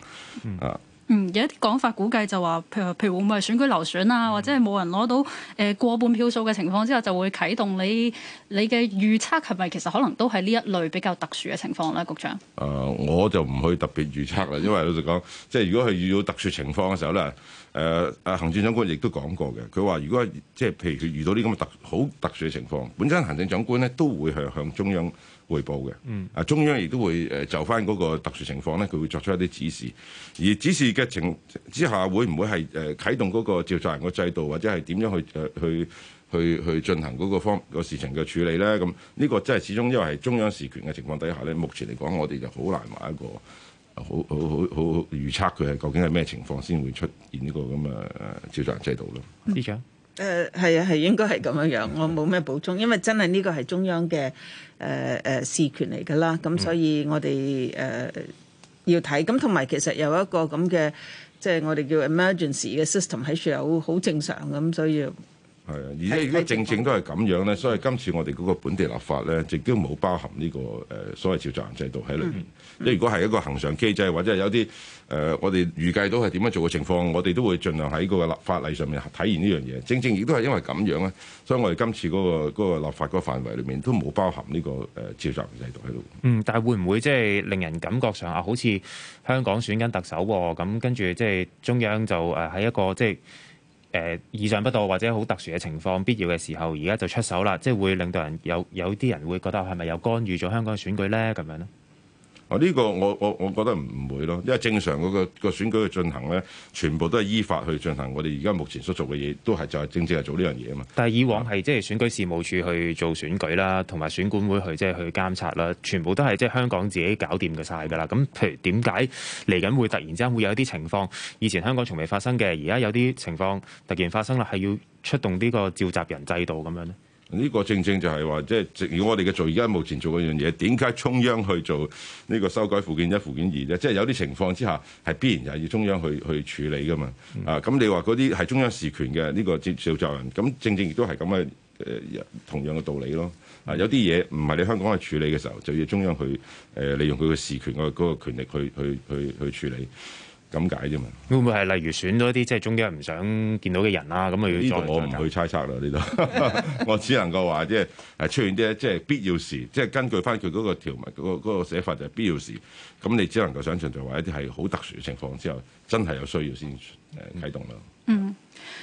啊。嗯嗯，有一啲講法估計就話，譬如譬如會唔會選舉流選啊，或者係冇人攞到誒、呃、過半票數嘅情況之後，就會啟動。你你嘅預測係咪其實可能都係呢一類比較特殊嘅情況咧，局長？誒、呃，我就唔去特別預測啦，因為老實講，即係如果佢遇到特殊情況嘅時候咧，誒、呃、誒行政長官亦都講過嘅，佢話如果即係譬如佢遇到啲咁嘅特好特殊嘅情況，本身行政長官咧都會向向中央匯報嘅，嗯，啊中央亦都會誒就返嗰個特殊情況咧，佢會作出一啲指示，而指示嘅情之下，會唔會係誒、呃、啟動嗰個召集人個制度，或者係點樣去誒、呃、去去去進行嗰個方個事情嘅處理咧？咁、這、呢個真係始終因為係中央事權嘅情況底下咧，目前嚟講我哋就好難話一個好好好好預測佢係究竟係咩情況先會出現呢個咁嘅召集人制度咯。李生。誒係啊，係、uh，應該係咁樣樣，我冇咩補充，因為真係呢個係中央嘅誒誒事權嚟㗎啦，咁所以我哋誒、呃、要睇咁，同埋其實有一個咁嘅，即、就、係、是、我哋叫 emergency 嘅 system 喺處，有好正常咁，所以。係，而且如果正正都係咁樣咧，所以今次我哋嗰個本地立法咧，亦都冇包含呢個誒所謂召集人制度喺裏面。即、嗯嗯、如果係一個恒常機制，或者係有啲誒、呃，我哋預計到係點樣做嘅情況，我哋都會盡量喺個立法例上面體現呢樣嘢。正正亦都係因為咁樣咧，所以我哋今次嗰、嗰個嗰個立法嗰個範圍裏面都冇包含呢個誒召集人制度喺度。嗯，但係會唔會即係令人感覺上啊，好似香港選緊特首喎？咁跟住即係中央就誒喺一個即係。即係誒意想不到或者好特殊嘅情況，必要嘅時候，而家就出手啦，即係會令到人有有啲人會覺得係咪又干預咗香港嘅選舉咧？咁樣。咧？啊！呢個我我我覺得唔會咯，因為正常嗰個個選舉嘅進行咧，全部都係依法去進行。我哋而家目前所做嘅嘢，都係就係正正係做呢樣嘢啊嘛。但係以往係即係選舉事務處去做選舉啦，同埋選管會去即係去監察啦，全部都係即係香港自己搞掂嘅晒㗎啦。咁譬如點解嚟緊會突然之間會有一啲情況，以前香港從未發生嘅，而家有啲情況突然發生啦，係要出動呢個召集人制度咁樣呢。呢個正正就係話，即係如果我哋嘅做而家目前做嗰樣嘢，點解中央去做呢個修改附件一、附件二咧？即係有啲情況之下，係必然係要中央去去處理㗎嘛？嗯、啊，咁、嗯、你話嗰啲係中央事權嘅呢、這個接受責任，咁正正亦都係咁嘅誒，同樣嘅道理咯。啊，有啲嘢唔係你香港去處理嘅時候，就要中央去誒、呃、利用佢嘅事權個嗰、那個權力去去去去，去，去，去處理。咁解啫嘛？會唔會係例如選咗啲即係中間唔想見到嘅人啦、啊？咁啊要呢我唔去猜測啦，呢度 我只能夠話即係出現啲即係必要時，即、就、係、是、根據翻佢嗰個條文、嗰、那個嗰寫法就必要時，咁你只能夠想象就話一啲係好特殊嘅情況之後，真係有需要先誒啟動啦。嗯，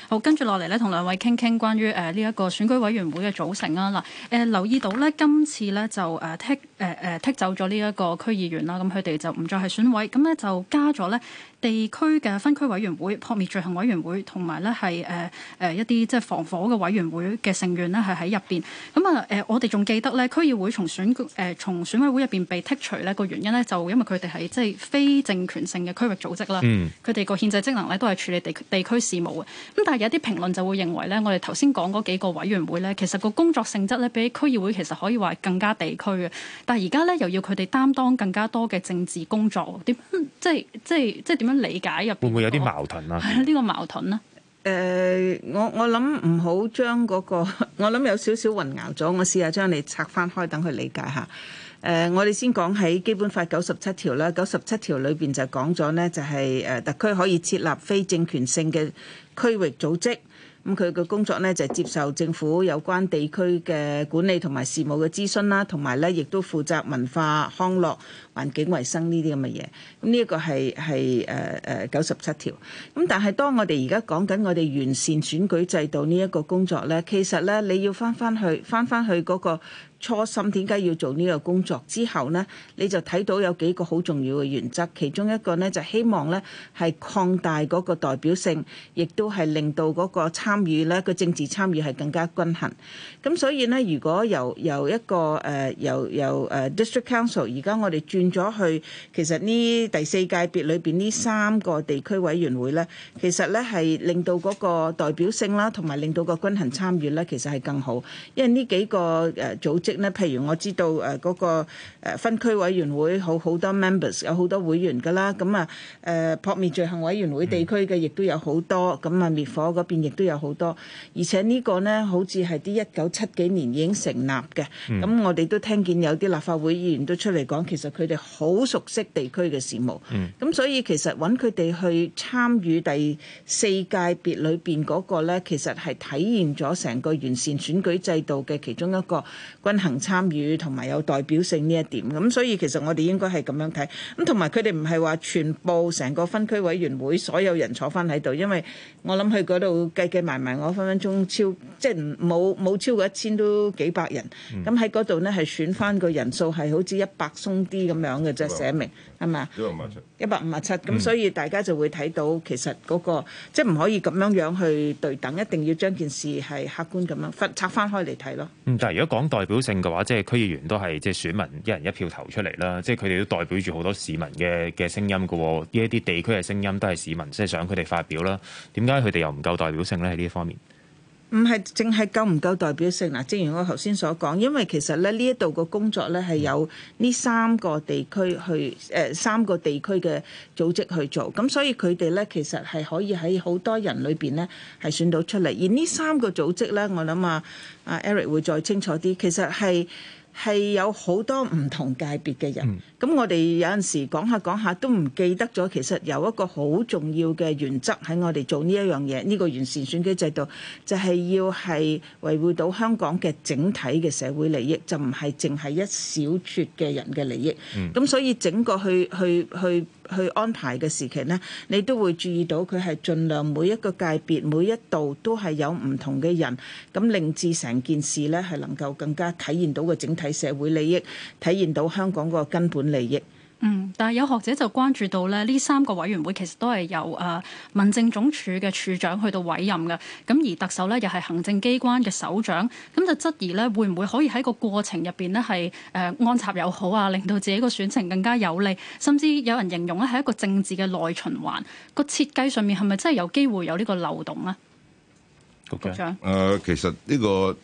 好，跟住落嚟咧，同兩位傾傾關於誒呢一個選舉委員會嘅組成啊嗱，誒、呃呃、留意到咧，今次咧就誒剔。呃誒誒、呃、剔走咗呢一個區議員啦，咁佢哋就唔再係選委，咁咧就加咗咧地區嘅分區委員會、撲滅罪行委員會同埋咧係誒誒一啲即係防火嘅委員會嘅成員咧係喺入邊。咁啊誒，我哋仲記得咧區議會從選誒、呃、從選委會入邊被剔除咧個原因咧就因為佢哋係即係非政權性嘅區域組織啦。嗯，佢哋個憲制職能咧都係處理地地區事務嘅。咁但係有啲評論就會認為咧，我哋頭先講嗰幾個委員會咧，其實個工作性質咧比區議會其實可以話更加地區嘅。但係而家咧，又要佢哋擔當更加多嘅政治工作，點即係即係即係點樣理解入？會唔會有啲矛盾啊？係啊，呢個矛盾啦。誒、呃，我我諗唔好將嗰個，我諗有少少混淆咗。我試下將你拆翻開，等佢理解下。誒、呃，我哋先講喺基本法九十七條啦。九十七條裏邊就講咗呢，就係誒，特區可以設立非政權性嘅區域組織。咁佢嘅工作呢，就係、是、接受政府有關地區嘅管理同埋事務嘅諮詢啦，同埋呢亦都負責文化康樂，環境衞生呢啲咁嘅嘢，咁呢一個係係誒誒九十七條。咁、呃呃、但係當我哋而家講緊我哋完善選舉制度呢一個工作咧，其實咧你要翻翻去翻翻去嗰個初心，點解要做呢個工作之後呢，你就睇到有幾個好重要嘅原則，其中一個呢，就希望呢係擴大嗰個代表性，亦都係令到嗰個參與呢個政治參與係更加均衡。咁所以呢，如果由由一個誒、呃、由由誒、呃、District Council 而家我哋轉咗去，其實呢第四界別裏邊呢三個地區委員會咧，其實咧係令到嗰個代表性啦，同埋令到個均衡參與咧，其實係更好。因為呢幾個誒組織咧，譬如我知道誒嗰個誒分區委員會好好多 members 有好多會員噶啦。咁啊誒撲滅罪行委員會地區嘅亦都有好多，咁啊滅火嗰邊亦都有好多。而且個呢個咧，好似係啲一九七幾年已經成立嘅。咁我哋都聽見有啲立法會議員都出嚟講，其實佢哋好熟悉地區嘅事務，咁、嗯、所以其實揾佢哋去參與第四界別裏邊嗰個呢，其實係體現咗成個完善選舉制度嘅其中一個均衡參與同埋有代表性呢一點。咁所以其實我哋應該係咁樣睇。咁同埋佢哋唔係話全部成個分區委員會所有人坐翻喺度，因為我諗佢嗰度計計埋埋，我分分鐘超即係冇冇超過一千都幾百人。咁喺嗰度呢，係選翻個人數係好似一百鬆啲咁樣。講嘅啫，寫明係嘛？一百五十七，一百五十七。咁所以大家就會睇到，其實嗰個，嗯，即係唔可以咁樣樣去對等，一定要將件事係客觀咁樣分拆翻開嚟睇咯。嗯，但係如果講代表性嘅話，即係區議員都係即係選民一人一票投出嚟啦，即係佢哋都代表住好多市民嘅嘅聲音㗎喎。呢一啲地區嘅聲音都係市民即係想佢哋發表啦。點解佢哋又唔夠代表性咧？喺呢一方面？唔係，淨係夠唔夠代表性？嗱，正如我頭先所講，因為其實咧呢一度嘅工作咧係有呢三個地區去，誒、呃、三個地區嘅組織去做，咁所以佢哋咧其實係可以喺好多人裏邊咧係選到出嚟。而呢三個組織咧，我諗啊，阿 Eric 會再清楚啲，其實係。係有好多唔同界別嘅人，咁，嗯，我哋有陣時講下講下都唔記得咗，其實有一個好重要嘅原則喺我哋做呢一樣嘢，呢個完善選舉制度就係要係維護到香港嘅整體嘅社會利益，就唔係淨係一小撮嘅人嘅利益。咁，嗯，所以整個去去去，去去安排嘅時期呢，你都會注意到佢係盡量每一個界別、每一度都係有唔同嘅人，咁令至成件事呢，係能夠更加體現到個整體社會利益，體現到香港個根本利益。嗯，但係有學者就關注到咧，呢三個委員會其實都係由誒、呃、民政總署嘅處長去到委任嘅，咁而特首呢，又係行政機關嘅首長，咁就質疑呢，會唔會可以喺個過程入邊呢，係誒、呃、安插又好啊，令到自己個選情更加有利，甚至有人形容呢，係一個政治嘅內循環，個設計上面係咪真係有機會有呢個漏洞呢？局 Okay. 長，誒、呃、其實呢、呢個。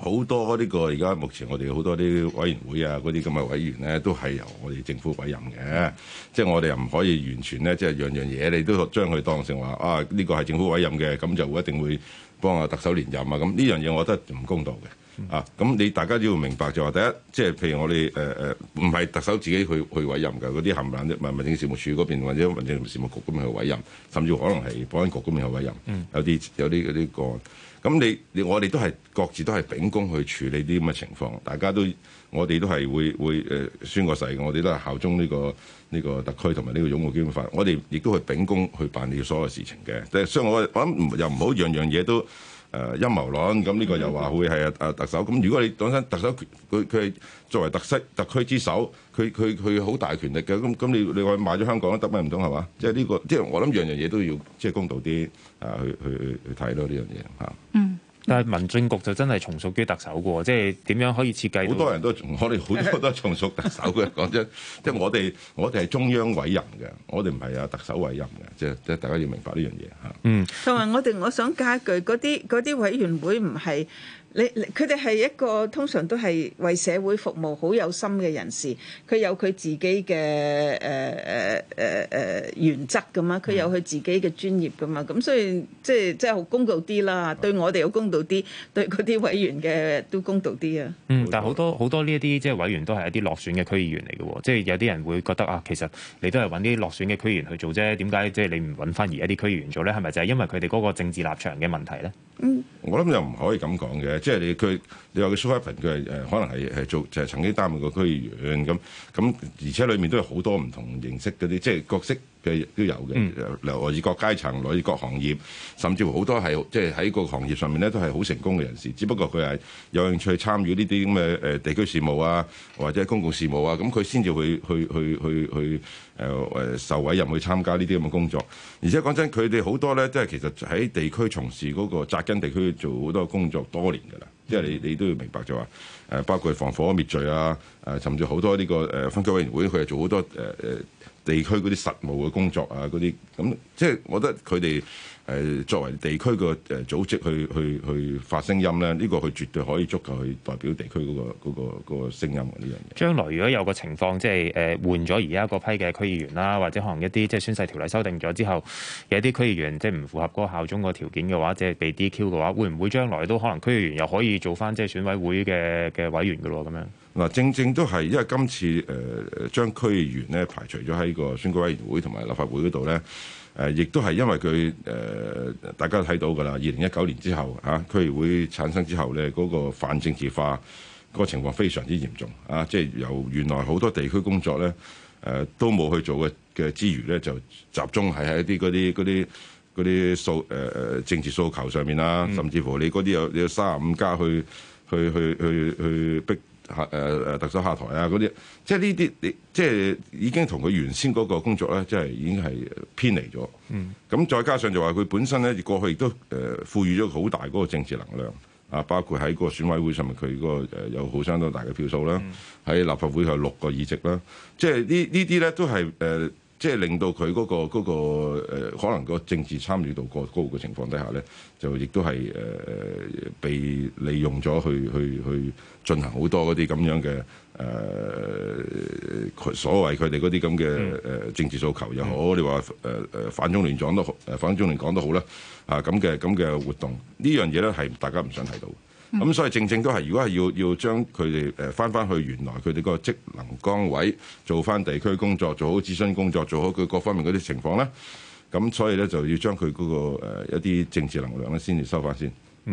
好多呢個而家目前我哋好多啲委員會啊，嗰啲咁嘅委員咧，都係由我哋政府委任嘅。即係我哋又唔可以完全咧，即係樣樣嘢你都將佢當成話啊，呢個係政府委任嘅，咁就會一定會幫阿特首連任啊。咁呢樣嘢我覺得唔公道嘅。啊，咁你大家要明白就話第一，即係譬如我哋誒誒，唔係特首自己去去委任嘅，嗰啲冚唪唥，即民政事務處嗰邊或者民政事務局咁去委任，甚至可能係保安局咁去委任。嗯、有啲有啲啲個。咁你你我哋都係各自都係秉公去處理啲咁嘅情況，大家都我哋都係會會誒、呃、宣個誓我哋都係效忠呢個呢個特區同埋呢個《擁護基本法》，我哋亦都係秉公去辦理所有事情嘅。誒，所以我我諗又唔好樣樣嘢都。誒，陰謀論咁呢個又話會係啊，啊特首咁。如果你講真，特首佢佢作為特區特區之首，佢佢佢好大權力嘅，咁咁，你你話賣咗香港得咩？唔通係嘛？即係、這、呢個即係我諗樣樣嘢都要即係公道啲啊，去去去睇咯呢樣嘢嚇。啊嗯但係民政局就真係從屬於特首嘅，即係點樣可以設計？好多人都，我哋好多都從屬特首嘅講 真，即係我哋我哋係中央委任嘅，我哋唔係啊特首委任嘅，即係即係大家要明白呢樣嘢嚇。嗯，同埋我哋我想加一句，啲嗰啲委員會唔係。你佢哋係一個通常都係為社會服務、好有心嘅人士，佢有佢自己嘅誒誒誒誒原則噶嘛，佢有佢自己嘅專業噶嘛，咁、嗯、所以即係即係好公道啲啦，對我哋有公道啲，對嗰啲委員嘅都公道啲啊。嗯，但係好多好多呢一啲即係委員都係一啲落選嘅區議員嚟嘅喎，即係有啲人會覺得啊，其實你都係揾啲落選嘅區議員去做啫，點解即係你唔揾翻而家啲區議員做咧？係咪就係因為佢哋嗰個政治立場嘅問題咧？嗯，我諗又唔可以咁講嘅。即係你佢，你話佢蘇一羣，佢係誒，可能係係做就係、是、曾經擔任過區議員咁，咁而且裏面都有好多唔同形式嗰啲，即係角色。嘅都有嘅，來自各階層、來自各行業，甚至乎好多係即係喺個行業上面咧都係好成功嘅人士。只不過佢係有興趣參與呢啲咁嘅誒地區事務啊，或者公共事務啊，咁佢先至會去去去去去誒誒受委任去參加呢啲咁嘅工作。而且講真，佢哋好多咧即係其實喺地區從事嗰個紮根地區做好多工作多年噶啦。即係你你都要明白就話誒，包括防火滅罪啊，誒、呃，甚至好多呢個誒分區委員會，佢係做好多誒誒。呃地區嗰啲實務嘅工作啊，嗰啲咁，即係我覺得佢哋誒作為地區嘅誒、呃、組織去去去，去發聲音咧，呢個佢絕對可以足夠去代表地區嗰個嗰個嗰個聲音啊！呢樣嘢。將來如果有個情況，即係誒換咗而家嗰批嘅區議員啦，或者可能一啲即係宣誓條例修訂咗之後，有一啲區議員即係唔符合嗰個效忠個條件嘅話，即係被 DQ 嘅話，會唔會將來都可能區議員又可以做翻即係選委會嘅嘅委員嘅咯咁樣？嗱，正正都係因為今次誒將、呃、區議員咧排除咗喺個選舉委員會同埋立法會嗰度咧，誒亦都係因為佢誒、呃，大家都睇到㗎啦。二零一九年之後，嚇、啊、區議會產生之後咧，嗰、那個反政治化嗰個情況非常之嚴重，啊！即係由原來好多地區工作咧，誒、呃、都冇去做嘅嘅之餘咧，就集中係喺啲嗰啲啲啲訴誒誒政治訴求上面啦、啊，甚至乎你嗰啲有你有三十五家去去去去去、去逼。下誒誒特首下台啊，嗰啲，即係呢啲你即係已經同佢原先嗰個工作咧，即係已經係偏離咗。嗯，咁再加上就話佢本身咧，過去亦都誒賦予咗好大嗰個政治能量啊，包括喺個選委會上面佢嗰個誒有好相當大嘅票數啦，喺、嗯、立法會有六個議席啦，即係呢呢啲咧都係誒。呃即係令到佢嗰個嗰、嗰個呃、可能個政治參與度過高嘅情況底下咧，就亦都係誒、呃、被利用咗去去去進行好多嗰啲咁樣嘅誒、呃、所謂佢哋嗰啲咁嘅誒政治訴求又、嗯、好，你話誒誒反中亂港都好，誒反中亂港都好啦，啊咁嘅咁嘅活動呢樣嘢咧係大家唔想睇到。咁、嗯、所以正正都係，如果係要要將佢哋誒翻翻去原來佢哋個職能崗位，做翻地區工作，做好諮詢工作，做好佢各方面嗰啲情況咧。咁所以咧就要將佢嗰個一啲政治能量咧先至收翻先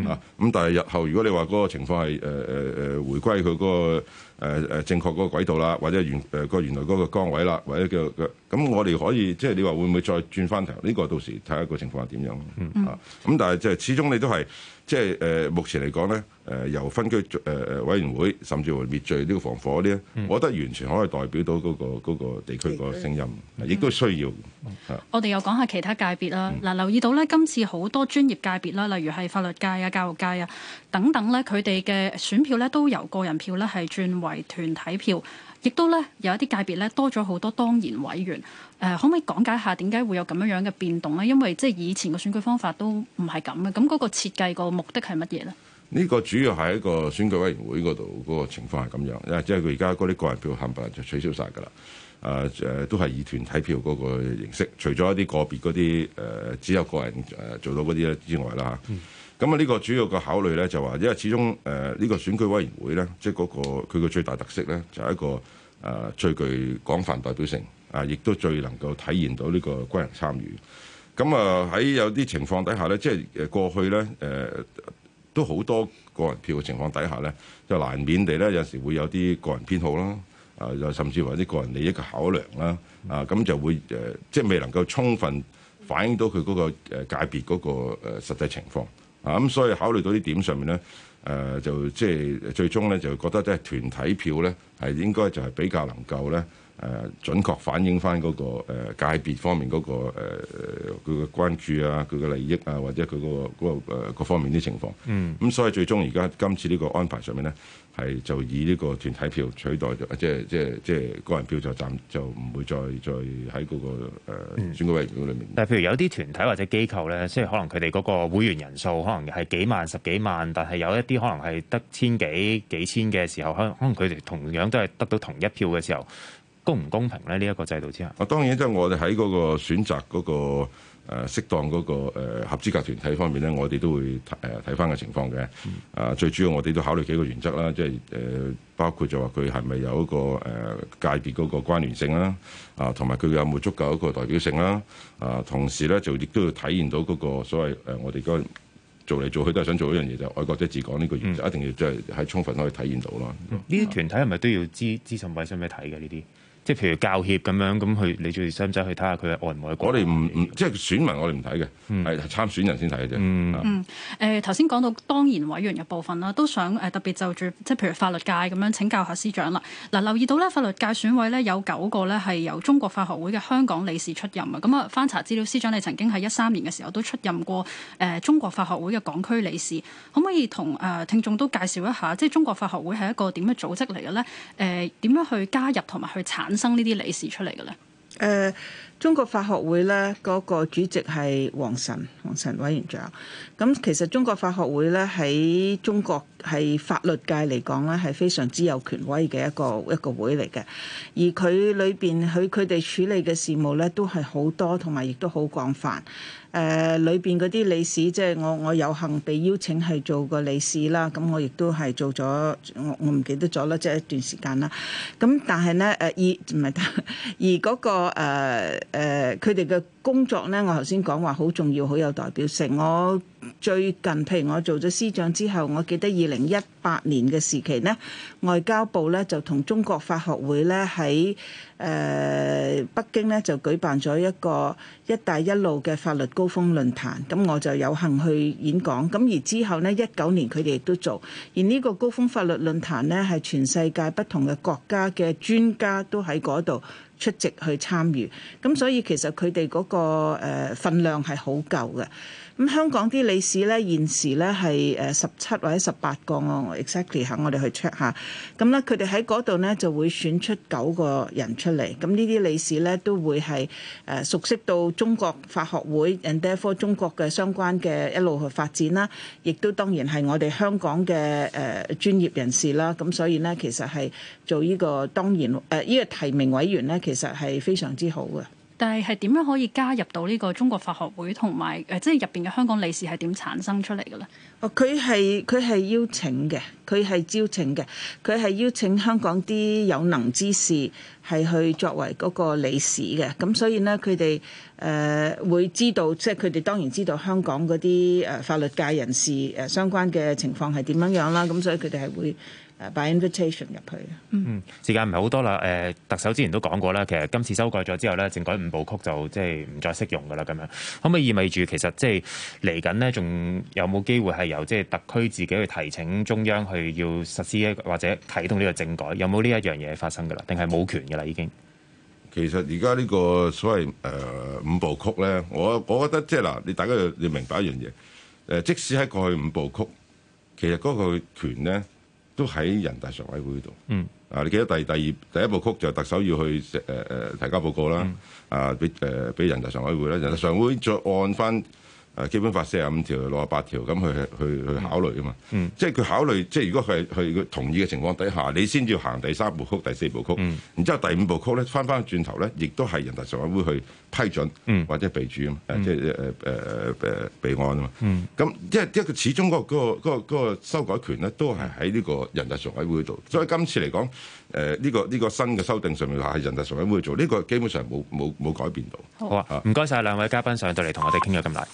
啊。咁但係日後如果你話嗰個情況係誒誒誒回歸佢嗰、那個誒、呃、正確嗰個軌道啦，或者原誒個、呃、原來嗰個崗位啦，或者叫咁我哋可以即係、就是、你話會唔會再轉翻頭？呢、這個到時睇下個情況係點樣啊？咁但係即係始終你都係。即係誒、呃，目前嚟講咧，誒、呃、由分區誒誒委員會，甚至乎滅罪呢個防火嗰啲、嗯、我覺得完全可以代表到嗰、嗰個嗰個地區個聲音，亦、嗯、都需要。嗯、是我哋又講下其他界別、嗯、啦。嗱，留意到咧，今次好多專業界別啦，例如係法律界啊、教育界啊等等咧，佢哋嘅選票咧都由個人票咧係轉為團體票。亦都咧有一啲界別咧多咗好多當然委員，誒、呃、可唔可以講解下點解會有咁樣樣嘅變動咧？因為即係以前嘅選舉方法都唔係咁嘅，咁嗰個設計個目的係乜嘢咧？呢個主要係一個選舉委員會嗰度嗰個情況係咁樣，即係佢而家嗰啲個人票冚唪唥就取消晒噶啦，誒、呃、誒都係以團體票嗰個形式，除咗一啲個別嗰啲誒只有個人誒做到嗰啲咧之外啦吓。嗯咁啊，呢個主要個考慮咧，就話因為始終誒呢、呃這個選舉委員會咧，即係嗰、那個佢個最大特色咧，就係、是、一個誒、呃、最具廣泛代表性啊，亦都最能夠體現到呢個均衡參與。咁啊喺有啲情況底下咧，即係誒過去咧誒、呃、都好多個人票嘅情況底下咧，就難免地咧有時會有啲個人偏好啦，啊，又甚至或者個人利益嘅考量啦，啊，咁就會誒、呃、即係未能夠充分反映到佢嗰個誒界別嗰個誒實際情況。啊！咁、嗯、所以考慮到啲點上面咧，誒、呃，就即係最終咧，就覺得即係團體票咧，係應該就係比較能夠咧。誒、啊、準確反映翻、那、嗰個、呃、界別方面嗰、那個誒佢嘅關注啊，佢嘅利益啊，或者佢嗰、那個嗰、呃、各方面啲情況。嗯，咁、嗯、所以最終而家今次呢個安排上面咧，係就以呢個團體票取代咗，呃、即係即係即係個人票就暫就唔會再再喺嗰、那個誒、呃、選舉委員會裏面。嗯、但係，譬如有啲團體或者機構咧，雖然可能佢哋嗰個會員人數可能係幾萬、十幾萬，但係有一啲可能係得千幾、幾千嘅時候，可能可能佢哋同樣都係得到同一票嘅時候。公唔公平咧？呢一個制度之下，啊，當然即係我哋喺嗰個選擇嗰個誒適當嗰個誒合資格團體方面咧，我哋都會誒睇翻個情況嘅。啊，最主要我哋都考慮幾個原則啦，即係誒包括就話佢係咪有一個誒界別嗰個關聯性啦，啊同埋佢有冇足夠一個代表性啦。啊，同時咧就亦都要體現到嗰個所謂誒我哋而家做嚟做去都係想做一樣嘢，就係愛國者治港呢個原則，一定要即係喺充分可以體現到咯。呢啲團體係咪都要資資信委咩睇嘅呢啲？即係譬如教協咁樣咁去看看，你最使唔使去睇下佢嘅愛唔愛國嘅？我哋唔即係選民我哋唔睇嘅，係係、嗯、參選人先睇嘅啫。嗯是嗯誒，頭先講到當然委員嘅部分啦，都想誒特別就住即係譬如法律界咁樣請教下司長啦。嗱、啊，留意到咧法律界選委咧有九個咧係由中國法學會嘅香港理事出任啊。咁、嗯、啊翻查資料，司長你曾經喺一三年嘅時候都出任過誒、呃、中國法學會嘅港區理事，可唔可以同誒聽眾都介紹一下？即係中國法學會係一個點嘅組織嚟嘅咧？誒、呃、點樣去加入同埋去產生呢啲理事出嚟嘅咧？誒、嗯，中國法學會咧嗰個主席係王晨，王晨委員長。咁其實中國法學會咧喺中國。係法律界嚟講咧，係非常之有權威嘅一個一個會嚟嘅。而佢裏邊佢佢哋處理嘅事務咧，都係好多同埋亦都好廣泛。誒裏邊嗰啲理事，即係我我有幸被邀請去做個理事啦。咁我亦都係做咗，我我唔記得咗啦，即係一段時間啦。咁但係咧誒，而唔係而嗰個誒誒，佢哋嘅。呃工作呢，我頭先講話好重要，好有代表性。我最近譬如我做咗司長之後，我記得二零一八年嘅時期呢，外交部呢就同中國法學會呢喺誒、呃、北京呢就舉辦咗一個「一帶一路」嘅法律高峰論壇。咁我就有幸去演講。咁而之後呢，一九年佢哋亦都做。而呢個高峰法律論壇呢，係全世界不同嘅國家嘅專家都喺嗰度，出席去參與，咁所以其實佢哋嗰個誒分量係好夠嘅。咁香港啲理事呢，現時呢係誒十七或者十八個 exactly 嚇我哋去 check 下。咁呢，佢哋喺嗰度呢就會選出九個人出嚟。咁呢啲理事呢，都會係誒熟悉到中國法學會 and therefore 中國嘅相關嘅一路去發展啦。亦都當然係我哋香港嘅誒、呃、專業人士啦。咁所以呢，其實係做呢、這個當然誒呢、呃這個提名委員呢，其實係非常之好嘅。但係係點樣可以加入到呢個中國法學會同埋誒，即係入邊嘅香港理事係點產生出嚟嘅咧？哦，佢係佢係邀請嘅，佢係招請嘅，佢係邀請香港啲有能之士係去作為嗰個理事嘅。咁所以咧，佢哋誒會知道，即係佢哋當然知道香港嗰啲誒法律界人士誒相關嘅情況係點樣樣啦。咁所以佢哋係會。誒，by invitation 入去。嗯，時間唔係好多啦。誒、呃，特首之前都講過啦，其實今次修改咗之後咧，政改五部曲就即係唔再適用噶啦。咁樣可唔可以意味住其實即係嚟緊呢，仲有冇機會係由即係特區自己去提請中央去要實施一或者啟動呢個政改？有冇呢一樣嘢發生噶啦？定係冇權噶啦已經？其實而家呢個所謂誒、呃、五部曲咧，我我覺得即係嗱，你大家要明白一樣嘢誒，即使喺過去五部曲，其實嗰個權咧。都喺人大常委會度。嗯。啊，你記得第第二第一部曲就係特首要去誒誒、呃、提交報告啦。嗯、啊，俾誒俾人大常委會啦，人大常委會再按翻。誒，基本法四十五條、六十八條咁去去去考慮啊嘛，即係佢考慮，即係如果係去同意嘅情況底下，你先至要行第三部曲、第四部曲，然之後第五部曲咧，翻翻轉頭咧，亦都係人大常委會去批准或者係備註啊，即係誒誒誒備案啊嘛。咁即係即係始終嗰個嗰個修改權咧，都係喺呢個人大常委會度。所以今次嚟講，誒呢個呢個新嘅修訂上面話係人大常委會去做呢個，基本上冇冇冇改變到。好啊，唔該晒兩位嘉賓上到嚟同我哋傾咗咁耐。